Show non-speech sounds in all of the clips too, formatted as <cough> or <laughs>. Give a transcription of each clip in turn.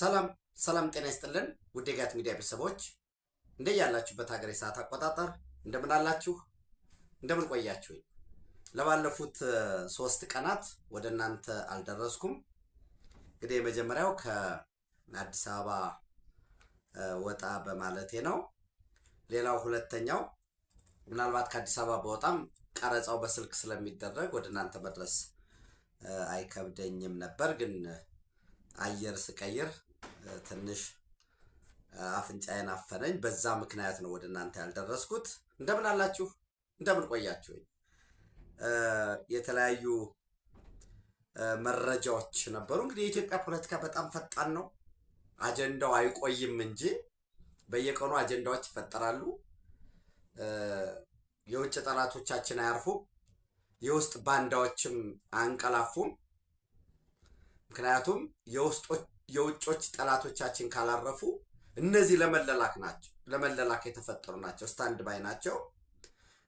ሰላም ሰላም፣ ጤና ይስጥልን ውድ የጋት ሚዲያ ቤተሰቦች ያላችሁበት ሀገር የሰዓት አቆጣጠር እንደምን አላችሁ? እንደምን ቆያችሁ? ለባለፉት ሶስት ቀናት ወደ እናንተ አልደረስኩም። እንግዲህ የመጀመሪያው ከአዲስ አበባ ወጣ በማለቴ ነው። ሌላው ሁለተኛው ምናልባት ከአዲስ አበባ በወጣም ቀረጻው በስልክ ስለሚደረግ ወደ እናንተ መድረስ አይከብደኝም ነበር ግን አየር ስቀይር ትንሽ አፍንጫዬን አፈነኝ። በዛ ምክንያት ነው ወደ እናንተ ያልደረስኩት። እንደምን አላችሁ? እንደምን ቆያችሁኝ? የተለያዩ መረጃዎች ነበሩ። እንግዲህ የኢትዮጵያ ፖለቲካ በጣም ፈጣን ነው። አጀንዳው አይቆይም እንጂ በየቀኑ አጀንዳዎች ይፈጠራሉ። የውጭ ጠላቶቻችን አያርፉም፣ የውስጥ ባንዳዎችም አንቀላፉም። ምክንያቱም የውጮች ጠላቶቻችን ካላረፉ እነዚህ ለመለላክ ናቸው፣ ለመለላክ የተፈጠሩ ናቸው። ስታንድ ባይ ናቸው።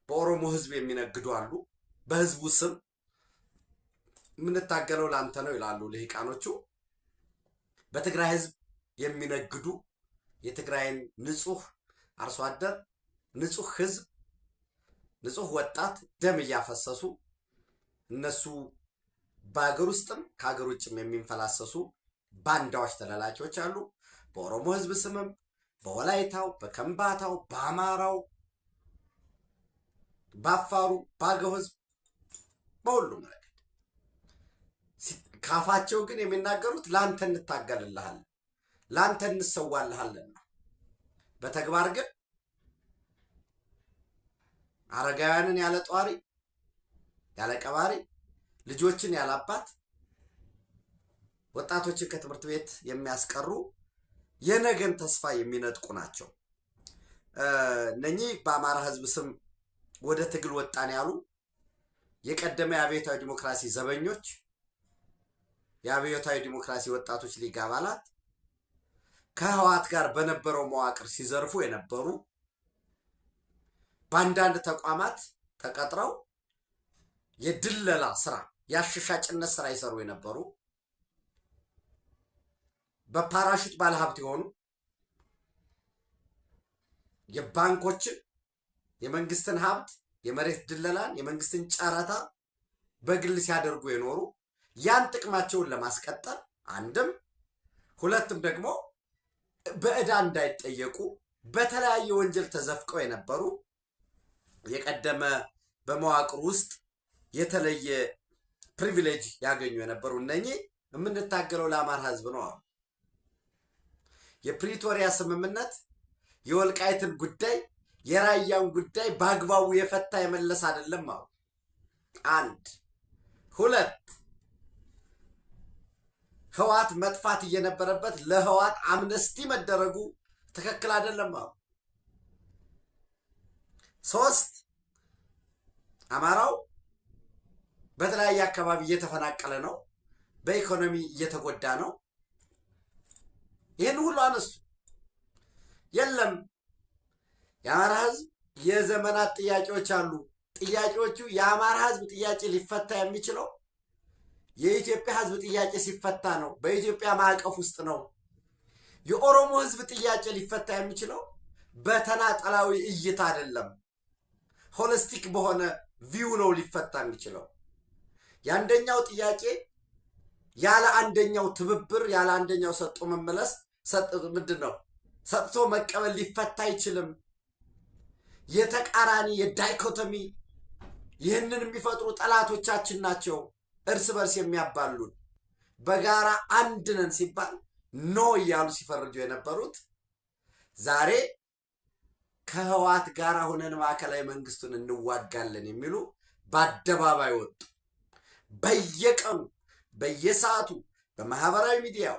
በኦሮሞ ህዝብ የሚነግዱ አሉ። በህዝቡ ስም የምንታገለው ላንተ ነው ይላሉ ልሂቃኖቹ። በትግራይ ህዝብ የሚነግዱ የትግራይን ንጹህ አርሶ አደር፣ ንጹህ ህዝብ፣ ንጹህ ወጣት ደም እያፈሰሱ እነሱ በሀገር ውስጥም ከሀገር ውጭም የሚንፈላሰሱ ባንዳዎች፣ ተላላኪዎች አሉ። በኦሮሞ ህዝብ ስምም በወላይታው፣ በከምባታው፣ በአማራው፣ በአፋሩ፣ በአገው ህዝብ በሁሉም ረገድ ካፋቸው ግን የሚናገሩት ለአንተ እንታገልልሃለን፣ ለአንተ እንሰዋልሃለንና በተግባር ግን አረጋውያንን ያለ ጧሪ ያለ ቀባሪ ልጆችን ያላባት ወጣቶችን ከትምህርት ቤት የሚያስቀሩ የነገን ተስፋ የሚነጥቁ ናቸው። እነኚህ በአማራ ሕዝብ ስም ወደ ትግል ወጣን ያሉ የቀደመ የአብዮታዊ ዲሞክራሲ ዘበኞች፣ የአብዮታዊ ዲሞክራሲ ወጣቶች ሊግ አባላት ከህዋት ጋር በነበረው መዋቅር ሲዘርፉ የነበሩ በአንዳንድ ተቋማት ተቀጥረው የድለላ ስራ የአሸሻጭነት ስራ ይሰሩ የነበሩ በፓራሹት ባለሀብት የሆኑ የባንኮችን የመንግስትን ሀብት የመሬት ድለላን የመንግስትን ጨረታ በግል ሲያደርጉ የኖሩ ያን ጥቅማቸውን ለማስቀጠል አንድም ሁለትም ደግሞ በእዳ እንዳይጠየቁ በተለያየ ወንጀል ተዘፍቀው የነበሩ የቀደመ በመዋቅር ውስጥ የተለየ ፕሪቪሌጅ ያገኙ የነበሩ እነኚህ የምንታገለው ለአማራ ህዝብ ነው። የፕሪቶሪያ ስምምነት የወልቃይትን ጉዳይ የራያን ጉዳይ በአግባቡ የፈታ የመለስ አይደለም። አሁ አንድ ሁለት ህዋት መጥፋት እየነበረበት ለህዋት አምነስቲ መደረጉ ትክክል አይደለም። አሁ ሶስት አማራው በተለያየ አካባቢ እየተፈናቀለ ነው። በኢኮኖሚ እየተጎዳ ነው። ይህን ሁሉ አነሱ። የለም የአማራ ህዝብ የዘመናት ጥያቄዎች አሉ። ጥያቄዎቹ የአማራ ህዝብ ጥያቄ ሊፈታ የሚችለው የኢትዮጵያ ህዝብ ጥያቄ ሲፈታ ነው፣ በኢትዮጵያ ማዕቀፍ ውስጥ ነው። የኦሮሞ ህዝብ ጥያቄ ሊፈታ የሚችለው በተናጠላዊ እይታ አይደለም፣ ሆለስቲክ በሆነ ቪው ነው ሊፈታ የሚችለው። የአንደኛው ጥያቄ ያለ አንደኛው ትብብር ያለ አንደኛው ሰጥቶ መመለስ ምንድን ነው? ሰጥቶ መቀበል ሊፈታ አይችልም። የተቃራኒ የዳይኮቶሚ ይህንን የሚፈጥሩ ጠላቶቻችን ናቸው፣ እርስ በርስ የሚያባሉን። በጋራ አንድ ነን ሲባል ኖ እያሉ ሲፈርጁ የነበሩት ዛሬ ከህወሓት ጋር ሆነን ማዕከላዊ መንግስቱን እንዋጋለን የሚሉ በአደባባይ ወጡ። በየቀኑ በየሰዓቱ በማህበራዊ ሚዲያው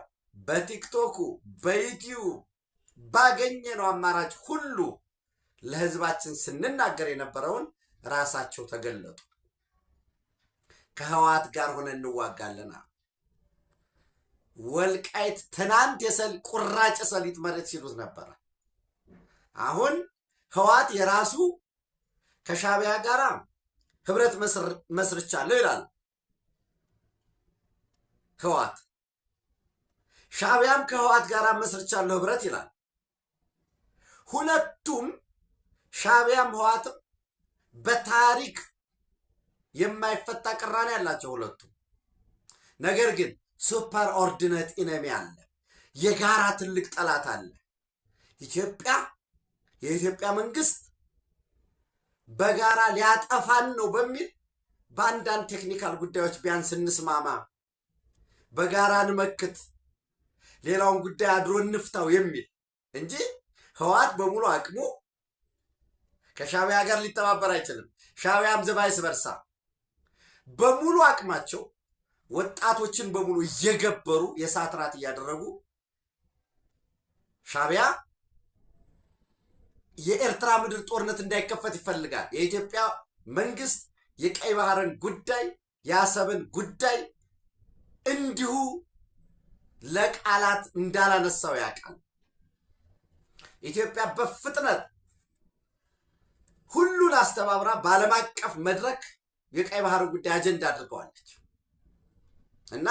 በቲክቶኩ በዩቲዩብ ባገኘነው አማራጭ ሁሉ ለህዝባችን ስንናገር የነበረውን ራሳቸው ተገለጡ። ከህወሓት ጋር ሆነን እንዋጋለና ወልቃይት ትናንት ቁራጭ ሰሊጥ መሬት ሲሉት ነበረ። አሁን ህወሓት የራሱ ከሻቢያ ጋር ህብረት መስርቻለሁ ይላል። ህዋት ሻቢያም ከህዋት ጋር መስርቻለሁ ህብረት ይላል። ሁለቱም ሻቢያም ህዋትም በታሪክ የማይፈታ ቅራኔ ያላቸው ሁለቱም። ነገር ግን ሱፐር ኦርዲነት ኢነሚ አለ፣ የጋራ ትልቅ ጠላት አለ። ኢትዮጵያ የኢትዮጵያ መንግስት በጋራ ሊያጠፋን ነው በሚል በአንዳንድ ቴክኒካል ጉዳዮች ቢያንስ እንስማማ በጋራ እንመክት፣ ሌላውን ጉዳይ አድሮ እንፍታው የሚል እንጂ ህወሓት በሙሉ አቅሙ ከሻቢያ ጋር ሊተባበር አይችልም። ሻቢያም ዘባይስ በርሳ በሙሉ አቅማቸው ወጣቶችን በሙሉ እየገበሩ የሳትራት ራት እያደረጉ ሻቢያ የኤርትራ ምድር ጦርነት እንዳይከፈት ይፈልጋል። የኢትዮጵያ መንግስት የቀይ ባህርን ጉዳይ የአሰብን ጉዳይ እንዲሁ ለቃላት እንዳላነሳው ያውቃል። ኢትዮጵያ በፍጥነት ሁሉን አስተባብራ በዓለም አቀፍ መድረክ የቀይ ባህር ጉዳይ አጀንዳ አድርገዋለች እና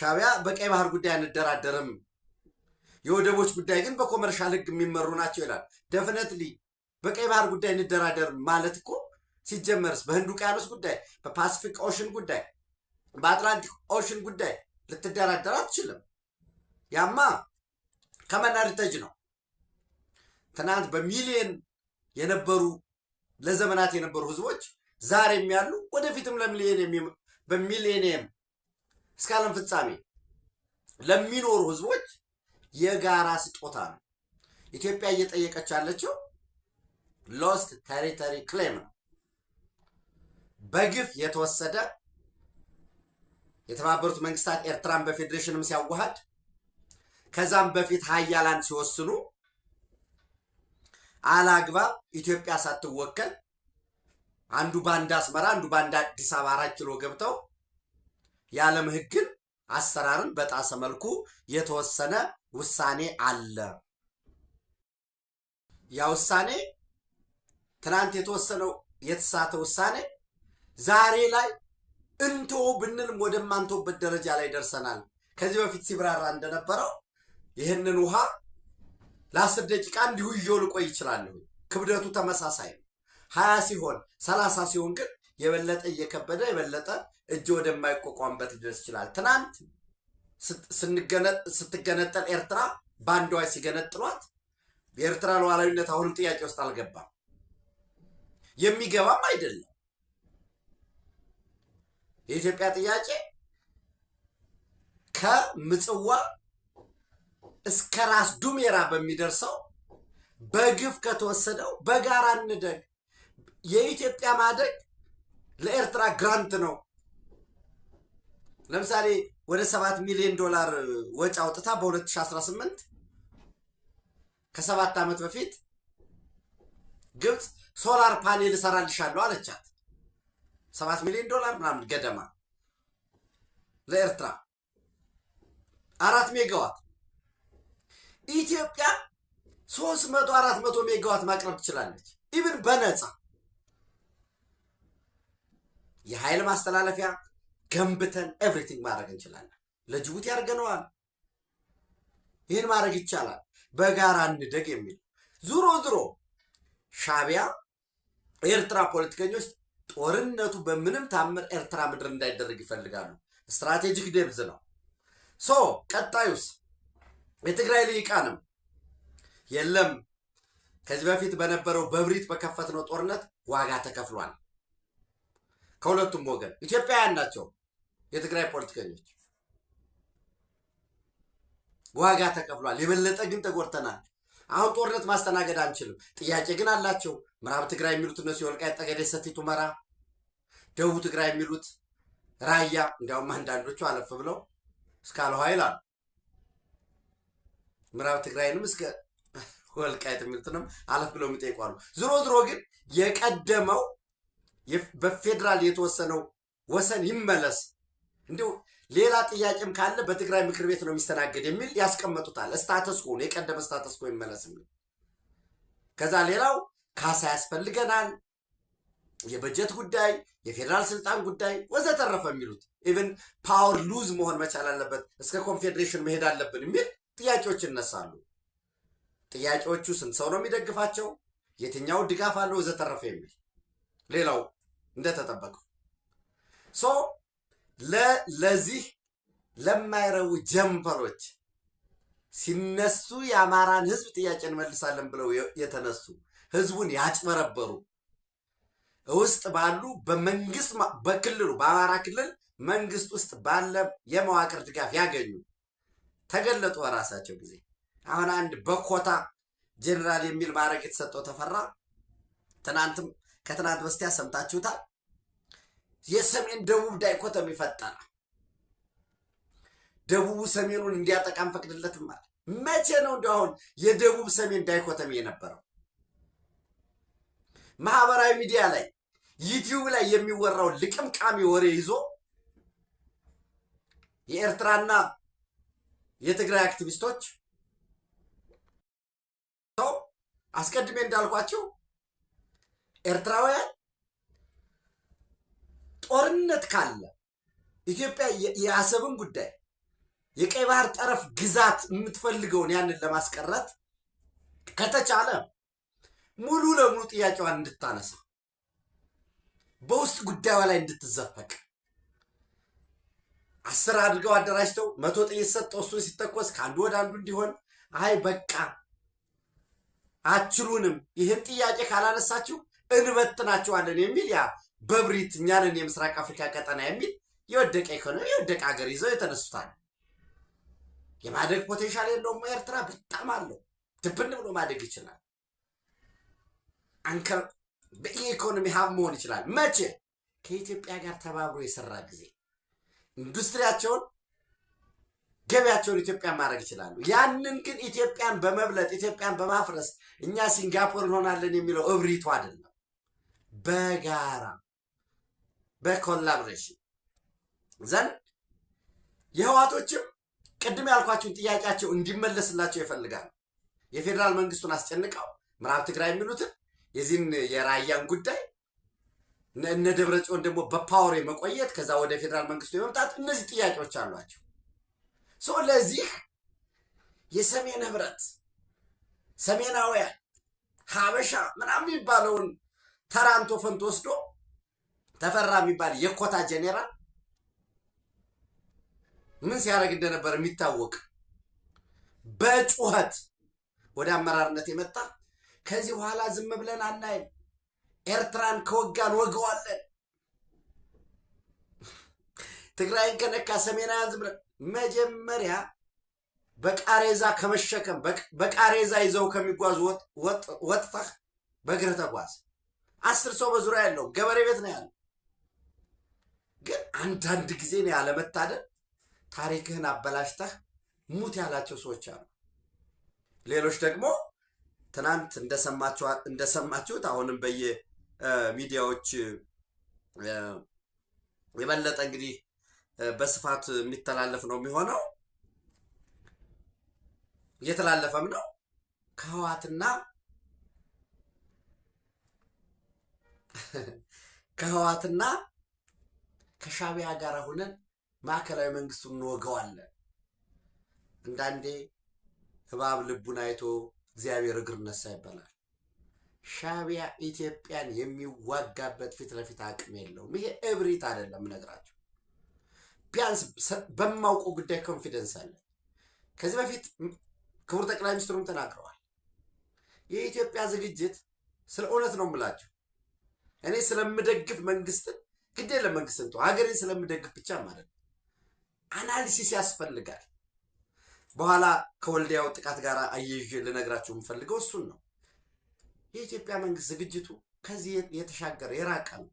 ሻቢያ በቀይ ባህር ጉዳይ አንደራደርም፣ የወደቦች ጉዳይ ግን በኮመርሻል ሕግ የሚመሩ ናቸው ይላል። ደፍነትሊ በቀይ ባህር ጉዳይ እንደራደር ማለት እኮ ሲጀመርስ በህንድ ውቅያኖስ ጉዳይ፣ በፓስፊክ ኦሽን ጉዳይ በአትላንቲክ ኦሽን ጉዳይ ልትደራደር አትችልም። ያማ ከመናሪተጅ ነው። ትናንት በሚሊየን የነበሩ ለዘመናት የነበሩ ህዝቦች ዛሬም ያሉ ወደፊትም ለሚሊየን በሚሊኒየም እስከ ዓለም ፍጻሜ ለሚኖሩ ህዝቦች የጋራ ስጦታ ነው። ኢትዮጵያ እየጠየቀች ያለችው ሎስት ቴሪተሪ ክሌም ነው፣ በግፍ የተወሰደ የተባበሩት መንግስታት ኤርትራን በፌዴሬሽንም ሲያዋሃድ ከዛም በፊት ሀያላን ሲወስኑ አላግባብ ኢትዮጵያ ሳትወከል አንዱ ባንድ አስመራ አንዱ ባንድ አዲስ አበባ አራት ኪሎ ገብተው የዓለም ህግን አሰራርን በጣሰ መልኩ የተወሰነ ውሳኔ አለ። ያ ውሳኔ ትናንት የተወሰነው የተሳተ ውሳኔ ዛሬ ላይ እንቶ ብንልም ወደማንቶበት ደረጃ ላይ ደርሰናል። ከዚህ በፊት ሲብራራ እንደነበረው ይህንን ውሃ ለአስር ደቂቃ እንዲሁ ይዤው ልቆይ ይችላለሁ። ክብደቱ ተመሳሳይ ነው። ሀያ ሲሆን ሰላሳ ሲሆን ግን የበለጠ እየከበደ የበለጠ እጅ ወደማይቋቋምበት ሊደርስ ይችላል። ትናንት ስትገነጠል ኤርትራ በአንዷ ሲገነጥሏት የኤርትራ ሉዓላዊነት አሁንም ጥያቄ ውስጥ አልገባም፣ የሚገባም አይደለም። የኢትዮጵያ ጥያቄ ከምጽዋ እስከ ራስ ዱሜራ በሚደርሰው በግፍ ከተወሰደው በጋራ እንደግ። የኢትዮጵያ ማደግ ለኤርትራ ግራንት ነው። ለምሳሌ ወደ ሰባት ሚሊዮን ዶላር ወጪ አውጥታ በ2018 ከሰባት ዓመት በፊት ግብፅ ሶላር ፓኔል እሰራልሻለሁ አለቻት። ሰባት ሚሊዮን ዶላር ምናምን ገደማ ለኤርትራ አራት ሜጋዋት ኢትዮጵያ ሶስት መቶ አራት መቶ ሜጋዋት ማቅረብ ትችላለች። ኢብን በነፃ የኃይል ማስተላለፊያ ገንብተን ኤቭሪቲንግ ማድረግ እንችላለን። ለጅቡቲ አድርገነዋል። ይህን ማድረግ ይቻላል። በጋራ እንደግ የሚል ዙሮ ዙሮ ሻቢያ የኤርትራ ፖለቲከኞች ጦርነቱ በምንም ታምር ኤርትራ ምድር እንዳይደረግ ይፈልጋሉ። ስትራቴጂክ ደብዝ ነው። ሶ ቀጣዩስ የትግራይ ልሂቃንም የለም ከዚህ በፊት በነበረው በብሪት በከፈትነው ጦርነት ዋጋ ተከፍሏል። ከሁለቱም ወገን ኢትዮጵያውያን ናቸው። የትግራይ ፖለቲከኞች ዋጋ ተከፍሏል። የበለጠ ግን ተጎድተናል። አሁን ጦርነት ማስተናገድ አንችልም። ጥያቄ ግን አላቸው። ምዕራብ ትግራይ የሚሉት እነሱ የወልቃይት ጠገዴ፣ ሰቲት ሁመራ ደቡብ ትግራይ የሚሉት ራያ፣ እንዲያውም አንዳንዶቹ አለፍ ብለው እስካለ ኃይል አሉ። ምዕራብ ትግራይንም እስከ ወልቃይት የሚሉትንም አለፍ ብለው የሚጠይቋሉ። ዝሮ ዝሮ ግን የቀደመው በፌዴራል የተወሰነው ወሰን ይመለስ እንዲሁ ሌላ ጥያቄም ካለ በትግራይ ምክር ቤት ነው የሚስተናገድ የሚል ያስቀመጡታል። ስታተስኮ የቀደመ ስታተስኮ ይመለስ የሚል ከዛ ሌላው ካሳ ያስፈልገናል፣ የበጀት ጉዳይ፣ የፌዴራል ስልጣን ጉዳይ ወዘተረፈ የሚሉት ኢቨን ፓወር ሉዝ መሆን መቻል አለበት እስከ ኮንፌዴሬሽን መሄድ አለብን የሚል ጥያቄዎች ይነሳሉ። ጥያቄዎቹ ስንት ሰው ነው የሚደግፋቸው? የትኛው ድጋፍ አለው? ወዘተረፈ የሚል ሌላው እንደተጠበቀው ሶ ለዚህ ለማይረቡ ጀንበሮች ሲነሱ የአማራን ህዝብ ጥያቄ እንመልሳለን ብለው የተነሱ ህዝቡን ያጭበረበሩ ውስጥ ባሉ በመንግስት በክልሉ በአማራ ክልል መንግስት ውስጥ ባለ የመዋቅር ድጋፍ ያገኙ ተገለጡ በራሳቸው ጊዜ። አሁን አንድ በኮታ ጀኔራል የሚል ማዕረግ የተሰጠው ተፈራ ትናንትም ከትናንት በስቲያ ሰምታችሁታል። የሰሜን ደቡብ ዳይኮተም ይፈጠራል። ደቡቡ ሰሜኑን እንዲያጠቃም ፈቅድለትም ማለት መቼ ነው? እንዲ አሁን የደቡብ ሰሜን ዳይኮተም የነበረው ማህበራዊ ሚዲያ ላይ ዩቲዩብ ላይ የሚወራው ልቅምቃሚ ወሬ ይዞ የኤርትራና የትግራይ አክቲቪስቶች ሰው አስቀድሜ እንዳልኳቸው ኤርትራውያን ጦርነት ካለ ኢትዮጵያ የአሰብን ጉዳይ የቀይ ባህር ጠረፍ ግዛት የምትፈልገውን ያንን ለማስቀረት ከተቻለ ሙሉ ለሙሉ ጥያቄዋን እንድታነሳ በውስጥ ጉዳዩ ላይ እንድትዘፈቅ አስር አድርገው አደራጅተው መቶ ጥይት ሰጠው እሱን ሲተኮስ ከአንዱ ወደ አንዱ እንዲሆን አይ በቃ አችሉንም ይህን ጥያቄ ካላነሳችሁ እንበትናችኋለን የሚል ያ በብሪት እኛንን የምስራቅ አፍሪካ ቀጠና የሚል የወደቀ ኢኮኖሚ የወደቀ ሀገር ይዘው የተነሱታል። የማደግ ፖቴንሻል የለውም። ኤርትራ በጣም አለው። ድብን ብሎ ማደግ ይችላል። አንከር በኢኮኖሚ ሀብ መሆን ይችላል። መቼ? ከኢትዮጵያ ጋር ተባብሮ የሰራ ጊዜ ኢንዱስትሪያቸውን ገበያቸውን ኢትዮጵያ ማድረግ ይችላሉ። ያንን ግን ኢትዮጵያን በመብለጥ ኢትዮጵያን በማፍረስ እኛ ሲንጋፖር እንሆናለን የሚለው እብሪቱ አይደለም። በጋራ በኮላቦሬሽን ዘንድ የህዋቶችም ቅድም ያልኳቸውን ጥያቄያቸው እንዲመለስላቸው ይፈልጋሉ። የፌዴራል መንግስቱን አስጨንቀው ምዕራብ ትግራይ የሚሉትን የዚህን የራያን ጉዳይ እነ ደብረ ጽዮን ደግሞ በፓወር የመቆየት ከዛ ወደ ፌዴራል መንግስቱ የመምጣት እነዚህ ጥያቄዎች አሏቸው። ለዚህ የሰሜን ህብረት ሰሜናውያን ሀበሻ ምናምን የሚባለውን ተራንቶ ፈንቶ ወስዶ ተፈራ የሚባል የኮታ ጄኔራል ምን ሲያደርግ እንደነበር የሚታወቅ በጩኸት ወደ አመራርነት የመጣ ከዚህ በኋላ ዝም ብለን አናይም። ኤርትራን ከወጋን ወገዋለን። ትግራይን ከነካ ሰሜናዊ ዝም ብለን መጀመሪያ በቃሬዛ ከመሸከም በቃሬዛ ይዘው ከሚጓዙ ወጥተህ በእግር ተጓዝ። አስር ሰው በዙሪያ ያለው ገበሬ ቤት ነው ያለው። ግን አንዳንድ ጊዜ ነው ያለመታደል ታሪክህን አበላሽተህ ሙት ያላቸው ሰዎች አሉ። ሌሎች ደግሞ ትናንት እንደሰማችሁት አሁንም በየሚዲያዎች የበለጠ እንግዲህ በስፋት የሚተላለፍ ነው የሚሆነው እየተላለፈም ነው ከህዋትና <laughs> ከህዋትና ከሻቢያ ጋር ሆነን ማዕከላዊ መንግስቱን እንወገዋለን። አንዳንዴ እባብ ልቡን አይቶ እግዚአብሔር እግር ነሳ ይባላል። ሻቢያ ኢትዮጵያን የሚዋጋበት ፊት ለፊት አቅም የለውም። ይሄ እብሪት አይደለም ነግራቸው። ቢያንስ በማውቀው ጉዳይ ኮንፊደንስ አለ። ከዚህ በፊት ክቡር ጠቅላይ ሚኒስትሩም ተናግረዋል። የኢትዮጵያ ዝግጅት ስለ እውነት ነው የምላቸው እኔ ስለምደግፍ መንግስትን ግዴ ለመንግስትን ሀገሬን ስለምደግፍ ብቻ ማለት ነው። አናሊሲስ ያስፈልጋል። በኋላ ከወልዲያው ጥቃት ጋር አየዥ ልነግራቸው የምፈልገው እሱን ነው። የኢትዮጵያ መንግስት ዝግጅቱ ከዚህ የተሻገረ የራቀ ነው።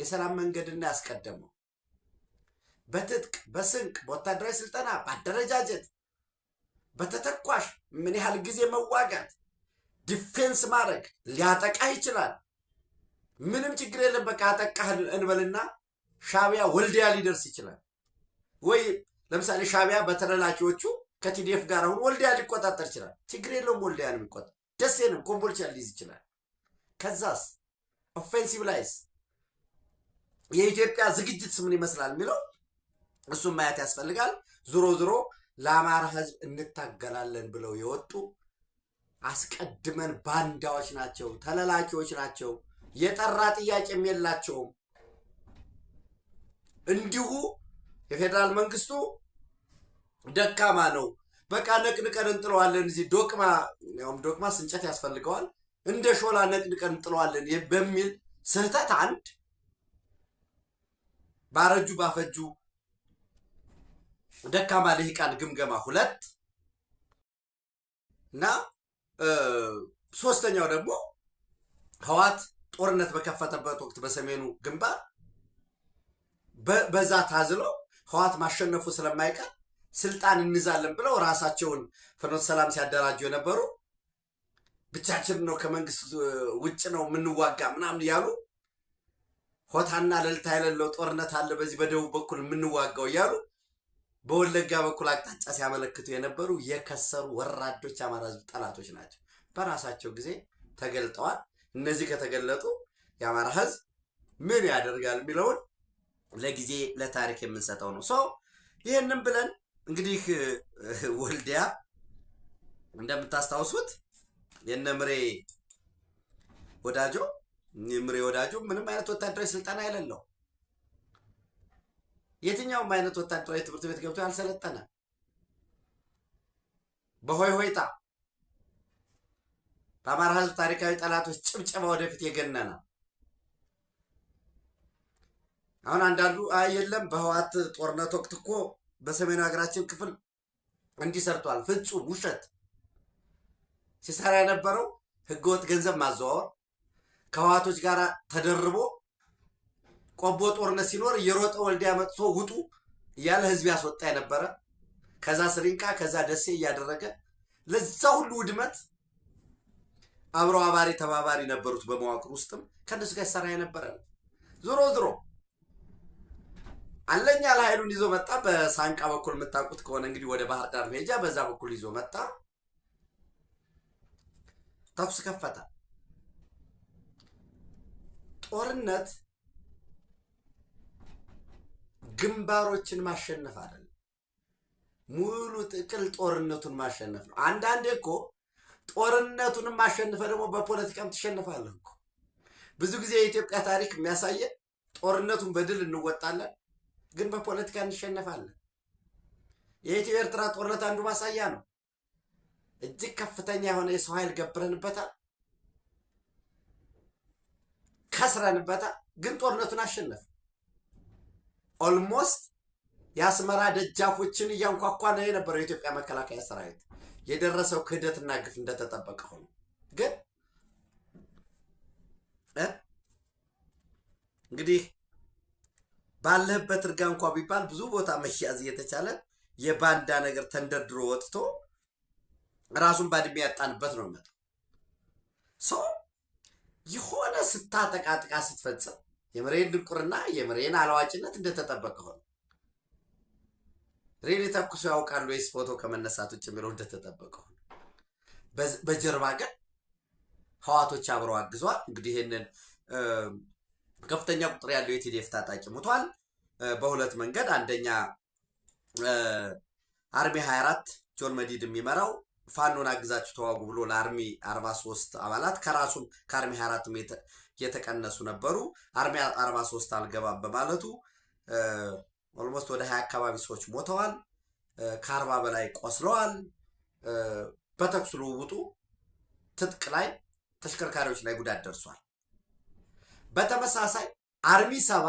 የሰላም መንገድና ያስቀደመው በትጥቅ በስንቅ በወታደራዊ ስልጠና በአደረጃጀት በተተኳሽ ምን ያህል ጊዜ መዋጋት ዲፌንስ ማድረግ ሊያጠቃህ ይችላል። ምንም ችግር የለም። በቃ አጠቃህ እንበልና ሻቢያ ወልዲያ ሊደርስ ይችላል ወይ ለምሳሌ ሻቢያ በተለላኪዎቹ ከቲዲኤፍ ጋር አሁን ወልዲያ ሊቆጣጠር ይችላል። ችግር የለውም። ወልዲያ ነው የሚቆጣጠር። ደሴንም ኮምቦልቻ ሊይዝ ይችላል። ከዛስ ኦፌንሲቭ ላይስ የኢትዮጵያ ዝግጅት ምን ይመስላል የሚለው እሱም ማየት ያስፈልጋል። ዞሮ ዞሮ ለአማራ ህዝብ እንታገላለን ብለው የወጡ አስቀድመን ባንዳዎች ናቸው፣ ተለላኪዎች ናቸው። የጠራ ጥያቄም የላቸውም። እንዲሁ የፌዴራል መንግስቱ ደካማ ነው። በቃ ነቅንቀን እንጥለዋለን። እዚህ ዶቅማ ያውም ዶቅማ ስንጨት ያስፈልገዋል እንደ ሾላ ነቅንቀን እንጥለዋለን በሚል ስህተት አንድ ባረጁ ባፈጁ ደካማ ልሂቃን ግምገማ ሁለት እና ሶስተኛው ደግሞ ህዋት ጦርነት በከፈተበት ወቅት በሰሜኑ ግንባር በዛ ታዝለው ህዋት ማሸነፉ ስለማይቀር ስልጣን እንይዛለን ብለው ራሳቸውን ፍኖት ሰላም ሲያደራጁ የነበሩ ብቻችን ነው ከመንግስት ውጭ ነው የምንዋጋ ምናምን ያሉ ሆታና ለልታ የሌለው ጦርነት አለ በዚህ በደቡብ በኩል የምንዋጋው እያሉ በወለጋ በኩል አቅጣጫ ሲያመለክቱ የነበሩ የከሰሩ ወራዶች አማራ ህዝብ ጠላቶች ናቸው። በራሳቸው ጊዜ ተገልጠዋል። እነዚህ ከተገለጡ የአማራ ህዝብ ምን ያደርጋል የሚለውን ለጊዜ ለታሪክ የምንሰጠው ነው። ሰው ይህንም ብለን እንግዲህ <laughs> ወልዲያ እንደምታስታውሱት የነ ምሬ ወዳጆ ምሬ ወዳጆ ምንም አይነት ወታደራዊ ስልጠና የሌለው የትኛውም አይነት ወታደራዊ ትምህርት ቤት ገብቶ ያልሰለጠነ በሆይ ሆይታ በአማራ ሕዝብ ታሪካዊ ጠላቶች ጭብጨባ ወደፊት የገነነ አሁን አንዳንዱ አይ የለም በህዋት ጦርነት ወቅት እኮ በሰሜኑ ሀገራችን ክፍል እንዲህ ሰርቷል። ፍጹም ውሸት ሲሰራ የነበረው ህገወጥ ገንዘብ ማዘዋወር ከህዋቶች ጋር ተደርቦ ቆቦ ጦርነት ሲኖር የሮጠ ወልዲያ መጥቶ ውጡ እያለ ህዝብ ያስወጣ የነበረ ከዛ ስሪንቃ ከዛ ደሴ እያደረገ ለዛ ሁሉ ውድመት አብረው አባሪ ተባባሪ ነበሩት። በመዋቅር ውስጥም ከእነሱ ጋር ይሰራ የነበረ ነው። ዞሮ ዞሮ አለኛ ለኃይሉን ይዞ መጣ። በሳንቃ በኩል የምታውቁት ከሆነ እንግዲህ ወደ ባህር ዳር መሄጃ በዛ በኩል ይዞ መጣ። ተኩስ ከፈተ። ጦርነት ግንባሮችን ማሸነፍ አይደለም፣ ሙሉ ጥቅል ጦርነቱን ማሸነፍ ነው። አንዳንዴ እኮ ጦርነቱንም ማሸንፈ ደግሞ በፖለቲካም ትሸንፋለህ እኮ። ብዙ ጊዜ የኢትዮጵያ ታሪክ የሚያሳየን ጦርነቱን በድል እንወጣለን ግን በፖለቲካ እንሸነፋለን። የኢትዮ ኤርትራ ጦርነት አንዱ ማሳያ ነው። እጅግ ከፍተኛ የሆነ የሰው ኃይል ገብረንበታል፣ ከስረንበታል። ግን ጦርነቱን አሸነፍ ኦልሞስት የአስመራ ደጃፎችን እያንኳኳ ነው የነበረው የኢትዮጵያ መከላከያ ሰራዊት። የደረሰው ክህደትና ግፍ እንደተጠበቀ ሆኖ ግን እንግዲህ ባለህበት እርጋ እንኳ ቢባል ብዙ ቦታ መያዝ እየተቻለ የባንዳ ነገር ተንደርድሮ ወጥቶ ራሱን ባድሜ ያጣንበት ነው የሚመጣው። ሰው የሆነ ስታጠቃጥቃ ስትፈጽም የመሬን ድንቁርና የምሬን አላዋጭነት እንደተጠበቀ ሆነ። ሬል የተኩሱ ያውቃሉ ወይስ ፎቶ ከመነሳት ውጭ የሚለው እንደተጠበቀ ሆነ። በጀርባ ግን ህዋቶች አብረው አግዟል። እንግዲህ ይህንን ከፍተኛ ቁጥር ያለው የቲዲኤፍ ታጣቂ ሙቷል በሁለት መንገድ። አንደኛ አርሚ 24 ጆን መዲድ የሚመራው ፋኖን አግዛችሁ ተዋጉ ብሎ ለአርሚ 43 አባላት ከራሱም ከአርሚ 24 የተቀነሱ ነበሩ። አርሚ 43 አልገባም በማለቱ ኦልሞስት ወደ 20 አካባቢ ሰዎች ሞተዋል። ከአርባ በላይ ቆስለዋል። በተኩስ ልውውጡ ትጥቅ ላይ ተሽከርካሪዎች ላይ ጉዳት ደርሷል። በተመሳሳይ አርሚ ሰባ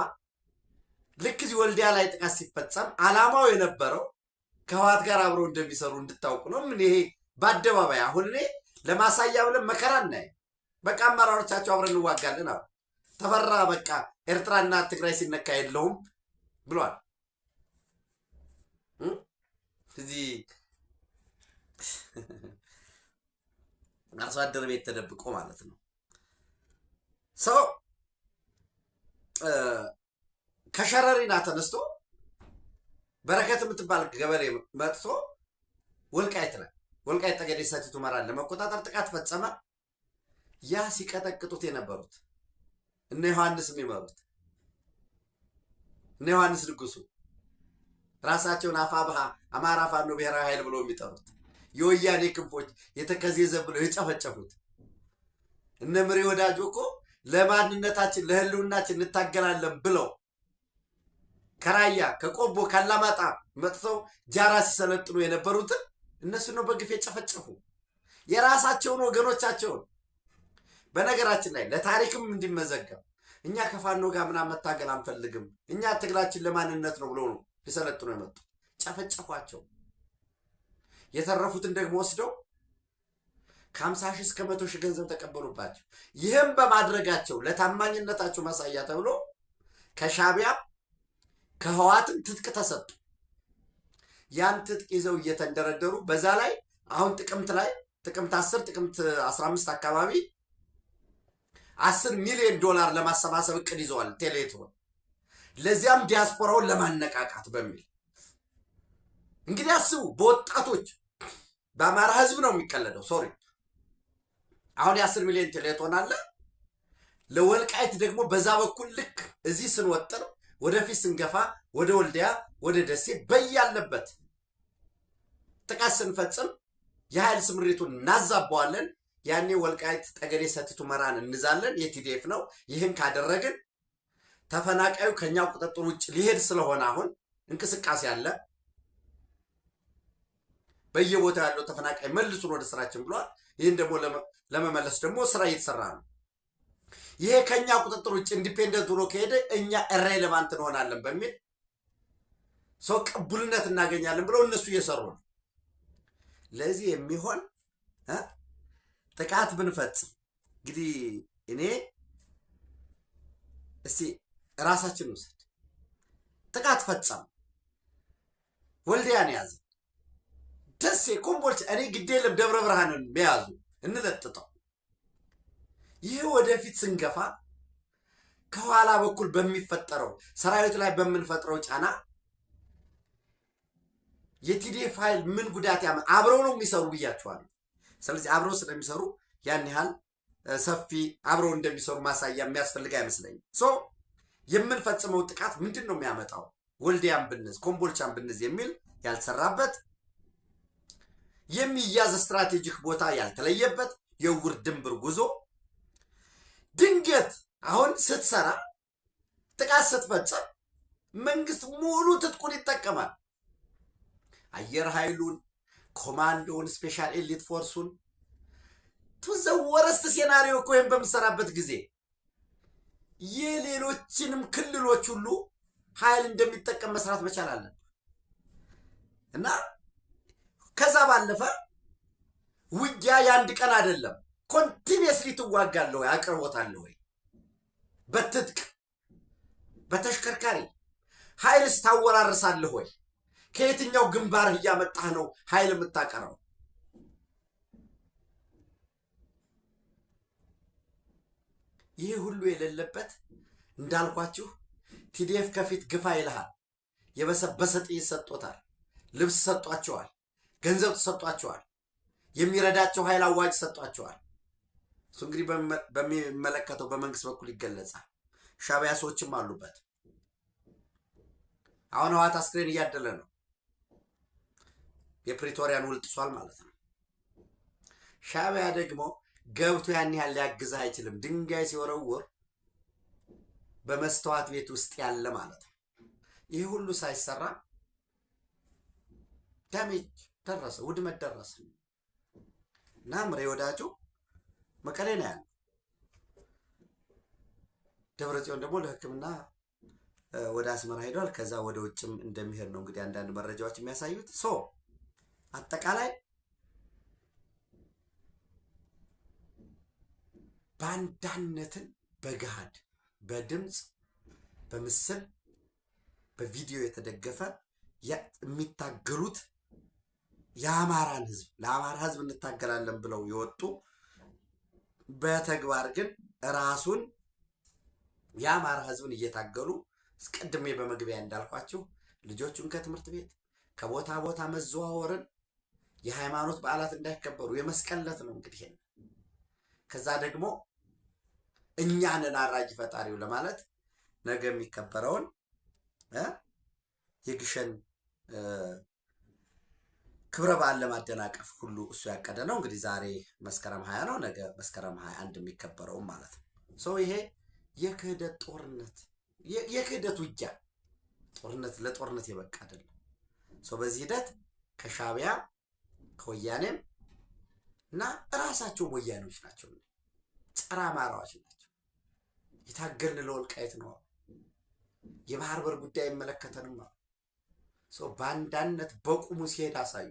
ልክ እዚህ ወልዲያ ላይ ጥቃት ሲፈጸም አላማው የነበረው ከህዋት ጋር አብረው እንደሚሰሩ እንድታውቁ ነው። ምን ይሄ በአደባባይ አሁን እኔ ለማሳያ ብለን መከራ እናይ በቃ አመራሮቻቸው አብረን እንዋጋለን አሉ። ተፈራ በቃ ኤርትራና ትግራይ ሲነካ የለውም ብሏል። እዚህ አርሶ አደር ቤት ተደብቆ ማለት ነው ሰው ከሸረሪና ተነስቶ በረከት የምትባል ገበሬ መጥቶ ወልቃይት ላይ ወልቃይት ጠገዴ ሰቲት ሁመራን ለመቆጣጠር ጥቃት ፈጸመ። ያ ሲቀጠቅጡት የነበሩት እነ ዮሐንስ የሚመሩት እነ ዮሐንስ ንጉሱ ራሳቸውን አፋብሃ አማራ ፋኖ ብሔራዊ ኃይል ብሎ የሚጠሩት የወያኔ ክንፎች የተከዜ ብለው የጨፈጨፉት እነ ምሬ ወዳጆ እኮ ለማንነታችን ለህልውናችን እንታገላለን ብለው ከራያ ከቆቦ ካላማጣ መጥተው ጃራ ሲሰለጥኑ የነበሩትን እነሱ ነው በግፍ የጨፈጨፉ የራሳቸውን ወገኖቻቸውን። በነገራችን ላይ ለታሪክም እንዲመዘገብ እኛ ከፋኖ ጋር ምናምን መታገል አንፈልግም፣ እኛ ትግላችን ለማንነት ነው ብሎ ነው ሊሰለጥኑ የመጡ ጨፈጨፏቸው። የተረፉትን ደግሞ ወስደው ከ50 ሺህ እስከ 100 ሺህ ገንዘብ ተቀበሉባቸው። ይህም በማድረጋቸው ለታማኝነታቸው ማሳያ ተብሎ ከሻዕቢያም ከህዋትም ትጥቅ ተሰጡ። ያን ትጥቅ ይዘው እየተንደረደሩ በዛ ላይ አሁን ጥቅምት ላይ ጥቅምት 10 ጥቅምት 15 አካባቢ 10 ሚሊዮን ዶላር ለማሰባሰብ እቅድ ይዘዋል። ቴሌቶን ለዚያም ዲያስፖራውን ለማነቃቃት በሚል እንግዲህ አስቡ። በወጣቶች በአማራ ህዝብ ነው የሚቀለደው። ሶሪ አሁን የአስር ሚሊዮን ቴሌ ትሆናለህ። ለወልቃይት ደግሞ በዛ በኩል ልክ እዚህ ስንወጥር ወደፊት ስንገፋ ወደ ወልዲያ ወደ ደሴ በያለበት ጥቃት ስንፈጽም የኃይል ስምሪቱን እናዛባዋለን። ያኔ ወልቃይት ጠገዴ ሰቲት ሁመራን እንዛለን። የቲዲኤፍ ነው። ይህን ካደረግን ተፈናቃዩ ከኛ ቁጥጥር ውጭ ሊሄድ ስለሆነ አሁን እንቅስቃሴ አለ። በየቦታው ያለው ተፈናቃይ መልሱን ወደ ስራችን ብሏል። ይህን ደግሞ ለመመለስ ደግሞ ስራ እየተሰራ ነው። ይሄ ከእኛ ቁጥጥር ውጭ ኢንዲፔንደንት ሆኖ ከሄደ እኛ ኢሬሌቫንት እንሆናለን በሚል ሰው ቅቡልነት እናገኛለን ብለው እነሱ እየሰሩ ነው። ለዚህ የሚሆን ጥቃት ብንፈጽም እንግዲህ እኔ እስቲ ራሳችን ውሰድ ጥቃት ፈጸም ወልዲያን ያዘ ደሴ፣ ኮምቦልቻ፣ እኔ ግድ ደብረ ብርሃንን በያዙ እንለጥጠው። ይህ ወደፊት ስንገፋ ከኋላ በኩል በሚፈጠረው ሰራዊት ላይ በምንፈጥረው ጫና የቲዲኤፍ ኃይል ምን ጉዳት ያመ አብረው ነው የሚሰሩ ብያቸዋል። ስለዚህ አብረው ስለሚሰሩ ያን ያህል ሰፊ አብረው እንደሚሰሩ ማሳያ የሚያስፈልግ አይመስለኝም። ሶ የምንፈጽመው ጥቃት ምንድን ነው የሚያመጣው? ወልዲያም ብንዝ ኮምቦልቻም ብንዝ የሚል ያልሰራበት? የሚያዝ ስትራቴጂክ ቦታ ያልተለየበት የውር ድንብር ጉዞ ድንገት አሁን ስትሰራ ጥቃት ስትፈጸም መንግስት ሙሉ ትጥቁን ይጠቀማል። አየር ኃይሉን፣ ኮማንዶውን፣ ስፔሻል ኤሊት ፎርሱን ቱዘ ወረስት ሴናሪዮ እኮ ይህን በምትሰራበት ጊዜ የሌሎችንም ክልሎች ሁሉ ኃይል እንደሚጠቀም መስራት መቻል አለን እና ከዛ ባለፈ ውጊያ የአንድ ቀን አይደለም። ኮንቲኒየስሊ ትዋጋለህ ወይ አቅርቦታለህ ወይ? በትጥቅ በተሽከርካሪ ኃይል ታወራርሳለህ ወይ? ከየትኛው ግንባርህ እያመጣህ ነው ኃይል የምታቀርበው? ይህ ሁሉ የሌለበት እንዳልኳችሁ ቲዲኤፍ ከፊት ግፋ ይልሃል። የበሰበሰ ጥይት ሰጥቶታል። ልብስ ሰጧቸዋል። ገንዘብ ተሰጧቸዋል። የሚረዳቸው ኃይል አዋጅ ተሰጧቸዋል። እሱ እንግዲህ በሚመለከተው በመንግስት በኩል ይገለጻል። ሻቢያ ሰዎችም አሉበት። አሁን ህወሓት አስክሬን እያደለ ነው። የፕሪቶሪያን ውል ጥሷል ማለት ነው። ሻቢያ ደግሞ ገብቶ ያን ያህል ሊያግዝ አይችልም። ድንጋይ ሲወረውር በመስተዋት ቤት ውስጥ ያለ ማለት ነው። ይህ ሁሉ ሳይሰራ ዳሜጅ ደረሰ፣ ውድመት ደረሰ እና ምሬ ወዳጁ መቀሌ ነው ያለው። ደብረ ጽዮን ደግሞ ለሕክምና ወደ አስመራ ሄዷል። ከዛ ወደ ውጭም እንደሚሄድ ነው እንግዲህ አንዳንድ መረጃዎች የሚያሳዩት። ሶ አጠቃላይ ባንዳነትን በገሃድ በድምፅ በምስል በቪዲዮ የተደገፈ የሚታገሉት የአማራን ህዝብ ለአማራ ህዝብ እንታገላለን ብለው የወጡ በተግባር ግን ራሱን የአማራ ህዝብን እየታገሉ አስቀድሜ በመግቢያ እንዳልኳቸው ልጆቹን ከትምህርት ቤት ከቦታ ቦታ መዘዋወርን፣ የሃይማኖት በዓላት እንዳይከበሩ የመስቀል ነው እንግዲህ። ከዛ ደግሞ እኛንን አራጅ ፈጣሪው ለማለት ነገ የሚከበረውን የግሸን ክብረ በዓል ለማደናቀፍ ሁሉ እሱ ያቀደ ነው። እንግዲህ ዛሬ መስከረም ሀያ ነው፣ ነገ መስከረም ሀያ አንድ የሚከበረውም ማለት ነው። ሰው ይሄ የክህደት ጦርነት፣ የክህደት ውጊያ ጦርነት ለጦርነት የበቃ አይደለም። ሰው በዚህ ሂደት ከሻቢያ ከወያኔም እና እራሳቸው ወያኔዎች ናቸው፣ ጸረ አማራዎች ናቸው። የታገልን ነው፣ የባህር በር ጉዳይ ይመለከተንም ሰው ባንዳነት በቁሙ ሲሄድ አሳዩ።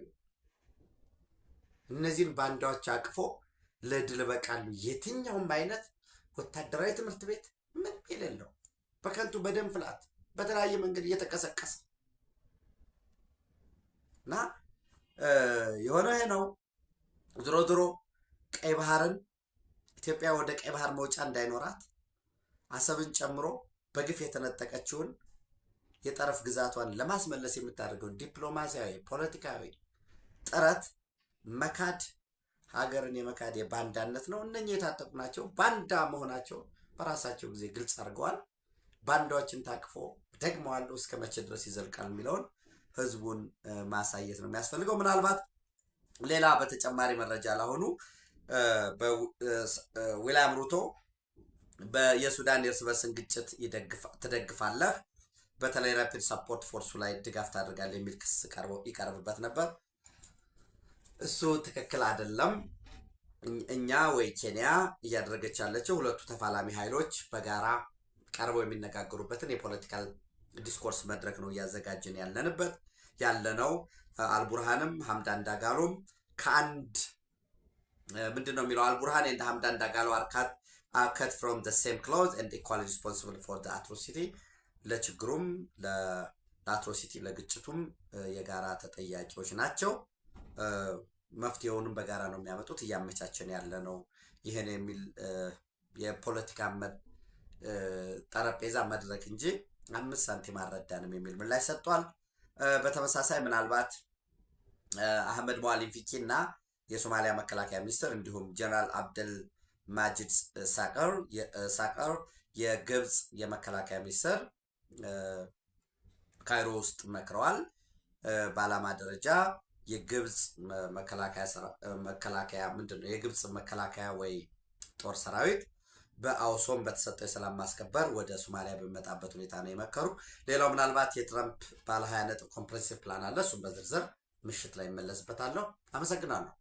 እነዚህን ባንዳዎች አቅፎ ለድል በቃሉ የትኛውም አይነት ወታደራዊ ትምህርት ቤት ምን የሌለው በከንቱ በደም ፍላት በተለያየ መንገድ እየተቀሰቀሰ እና የሆነ ነው። ድሮ ድሮ ቀይ ባህርን ኢትዮጵያ ወደ ቀይ ባህር መውጫ እንዳይኖራት አሰብን ጨምሮ በግፍ የተነጠቀችውን የጠረፍ ግዛቷን ለማስመለስ የምታደርገውን ዲፕሎማሲያዊ፣ ፖለቲካዊ ጥረት መካድ ሀገርን የመካድ የባንዳነት ነው። እነኚህ የታጠቁ ናቸው። ባንዳ መሆናቸው በራሳቸው ጊዜ ግልጽ አድርገዋል። ባንዳዎችን ታቅፎ ደግመዋለሁ እስከ መቼ ድረስ ይዘልቃል የሚለውን ህዝቡን ማሳየት ነው የሚያስፈልገው። ምናልባት ሌላ በተጨማሪ መረጃ ላሆኑ ዊልያም ሩቶ የሱዳን የእርስ በርስን ግጭት ትደግፋለህ በተለይ ራፒድ ሰፖርት ፎርሱ ላይ ድጋፍ ታደርጋል የሚል ክስ ይቀርብበት ነበር። እሱ ትክክል አይደለም። እኛ ወይ ኬንያ እያደረገች ያለችው ሁለቱ ተፋላሚ ኃይሎች በጋራ ቀርበው የሚነጋገሩበትን የፖለቲካል ዲስኮርስ መድረክ ነው እያዘጋጅን ያለንበት ያለነው። አልቡርሃንም ሀምዳን ዳጋሎም ከአንድ ምንድን ነው የሚለው አልቡርሃን እንደ ሀምዳን ዳጋሎ አርካት ፍሮም ሴም ክሎዝ ኢኳል ሪስፖንስብል ፎር አትሮሲቲ ለችግሩም ለአትሮሲቲ ለግጭቱም የጋራ ተጠያቂዎች ናቸው። መፍትሄውንም በጋራ ነው የሚያመጡት። እያመቻቸን ያለ ነው ይህን የሚል የፖለቲካ ጠረጴዛ መድረክ እንጂ አምስት ሳንቲም አልረዳንም የሚል ምላሽ ሰጥቷል። በተመሳሳይ ምናልባት አህመድ ሞአሊም ፊቂ እና የሶማሊያ መከላከያ ሚኒስትር እንዲሁም ጀነራል አብደል ማጅድ ሳቀር የግብፅ የመከላከያ ሚኒስትር ካይሮ ውስጥ መክረዋል። በዓላማ ደረጃ የግብፅ መከላከያ ምንድን ነው? የግብፅ መከላከያ ወይ ጦር ሰራዊት በአውሶም በተሰጠው የሰላም ማስከበር ወደ ሶማሊያ በሚመጣበት ሁኔታ ነው የመከሩ። ሌላው ምናልባት የትረምፕ ባለ ሀያ ነጥብ ኮምፕሬንሲቭ ፕላን አለ። እሱም በዝርዝር ምሽት ላይ ይመለስበታለሁ። አመሰግናለሁ።